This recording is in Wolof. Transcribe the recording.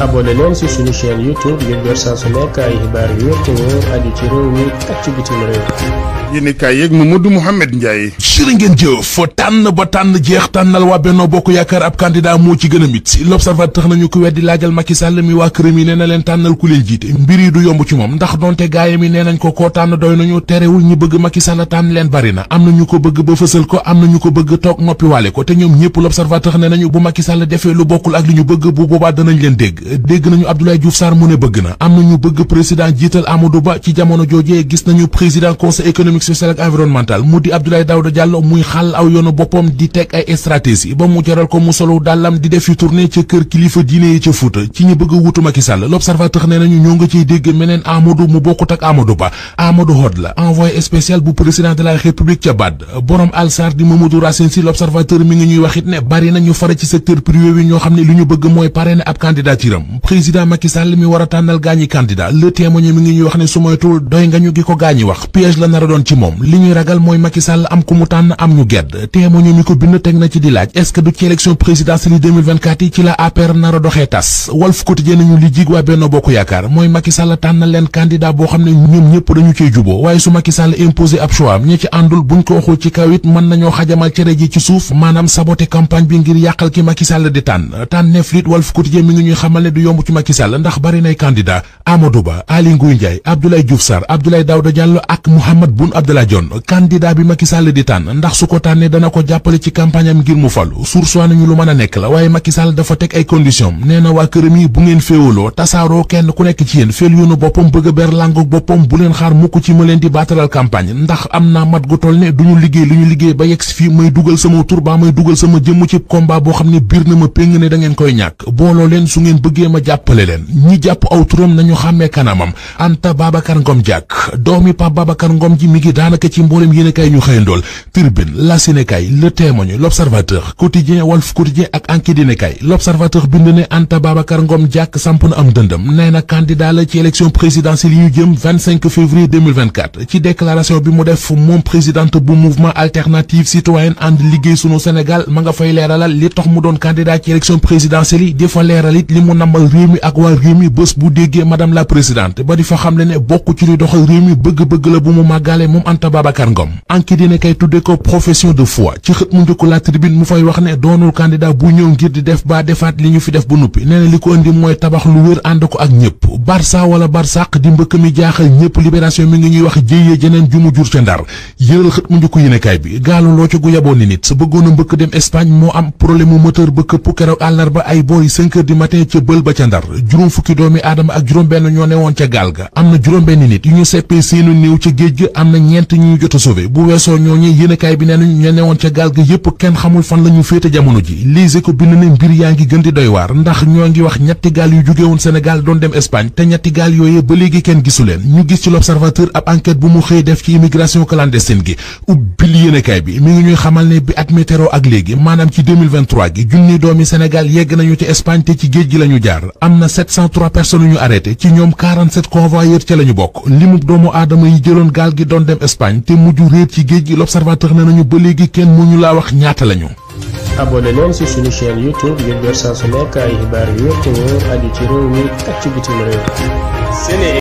abonné leen ci suñu chaîne YouTube ngir jot saa su nekk ay xibaar yu wér te wóor aju ci réew mi ak ci bitim réew. yéen kaay yeeg Mamadou tànn ba tànn jeex tànnal waa Benno Bokk Yaakaar ab candidat moo ci gën a mit l'observateur tax nañu ko weddi laajal Macky Sall mi waa këram yi nee na leen tànnal ku leen jiite mbir yi yomb ci moom ndax donte gaayam yi nee nañ ko koo tànn doy nañu terewul ñi bëgg Macky Sall tànn leen bari na am na ñu ko bëgg ba fësal ko am na ñu ko bëgg toog noppi waale ko te ñoom ñëpp l'observateur tax ne nañu bu Macky Sall defee lu bokkul ak li ñu bëgg bu boobaa danañ leen dégg dégg nañu Abdoulaye Diouf Sarr mu ne bëgg na am na ñu bëgg président jiital Amadou Ba ci jamono joojee gis nañu président conseil économique social ak environnemental mu di Abdoulaye Daouda Diallo muy xàll aw yoonu boppam di teg ay stratégie ba mu jaral ko mu solo dàllam di def yu tournée ca kër kilifa diine yi ca Fuuta ci ñu bëgg wutu Macky Sall l'observateur nee nañu ñoo nga ciy dégg meneen Amadou mu bokkut ak Amadou Ba Amadou Hod la envoyé spécial bu président ne li ñu bëgg mooy parrainer ab candidature mbiram président Macky Sall mi war a tànnal gaañi candidat le témoigné mi ngi ñuy wax ne su moytuwul doy nga ñu gi ko gaañi wax piège la nar doon ci moom li ñuy ragal mooy Macky Sall am ku mu tànn am ñu gedd témoigné mi ko bind teg na ci di laaj est du ci élection présidentielle 2024 ci la APR nar a doxee tas Walf Quotidien nañu li waa Benno Bokk Yaakaar mooy Macky Sall tànnal leen candidat boo xam ne ñoom ñëpp dañu cey juboo waaye su Macky Sall ab ne du ndax bari nay candidat Amadou Ba Aly Ngouille Ndiaye Abdoulaye Diouf Sarr Abdoulaye Daouda Diallo ak Mouhamed Boun Abdallah Dionne candidat bi Macky Sall di tànn ndax su ko tànnee dana ko jàppale ci campagne ngir mu falu sursoi nañu lu mën a nekk la waaye Macky Sall dafa teg ay condition nee na waa këram yi bu ngeen féewaloo tasaaroo kenn ku nekk ci yéen féel yoonu boppam bëgg a ber langoog boppam bu leen xaar mukk ci ma leen di baataral campagne ndax am na bëggee ma jàppale leen ñi jàpp aw turam nañu xàmmee kanamam Anta Babacar Ngom jàkk doomi Pape Babacar Ngom ji mi ngi daanaka ci mboolem yéenekaay ñu xëyandool Tribune La Sénékaay Le Témoin L'Observateur Quotidien Walf Quotidien ak Enquête yéenekaay L'Observateur bind ne Anta Babacar Ngom jàkk samp na am dëndëm nee na candidat la ci élection présidentielle yi ñu jëm février ci déclaration bi mu def moom présidente bu mouvement alternative citoyenne ànd liggéey namal réew mi ak waa réew mi bés bu déggee madame la présidente ba di fa xamle ne bokk ci luy doxal réew mi bëgg-bëgg la bu mu màggaale moom Anta Babacar Ngom anki dina tudde ko profession de foi ci xët mu njëkku la tribune mu fay wax ne doonul candidat bu ñëw ngir di def ba defaat li ñu fi def bu nuppi nee na li ko indi mooy tabax lu wér ànd ko ak ñëpp barça wala barsàq di mbëkk mi jaaxal ñëpp libération mi ngi ñuy wax jéyee jeneen ju jur a ba këpp keroog àllarba ay boori bël ba ca ndar juróom fukki doomi aadama ak juróom benn ñoo ne woon ca gaal ga am na juróom benn nit yu ñu seppee seenu néew ca géej ga am na ñeent ñu ñu jot bu weesoo ñooñu yéenekaay bi nee nañu ñoo ne woon ca gaal ga yépp kenn xamul fan la ñu féete jamono ji liise ko bind ne mbir yaa ngi gën di doy waar ndax ñoo ngi wax ñetti gaal yu jóge woon Sénégal doon dem Espagne te ñetti gaal yooyee ba léegi kenn gisu leen ñu gis ci l'observateur ab enquête bu mu xëy bi mi ngi ñuy xamal ne bi at mi ak léegi maanaam ci 2023 gi junni doomi Sénégal yegg nañu ci Espagne te ci géej gi lañu ñu jaar am na 703 personnes ci ñoom 47 ca la bokk limub doomu aadama yi jëloon gaal gi doon dem Espagne te mujj réer ci géej gi l'observateur ne nañu ba léegi kenn mu ñu laa wax ñaata lañu. abonné ci suñu chaîne youtube ngir jot saa su nekk yu wér te ci réew mi ak ci bitim réew.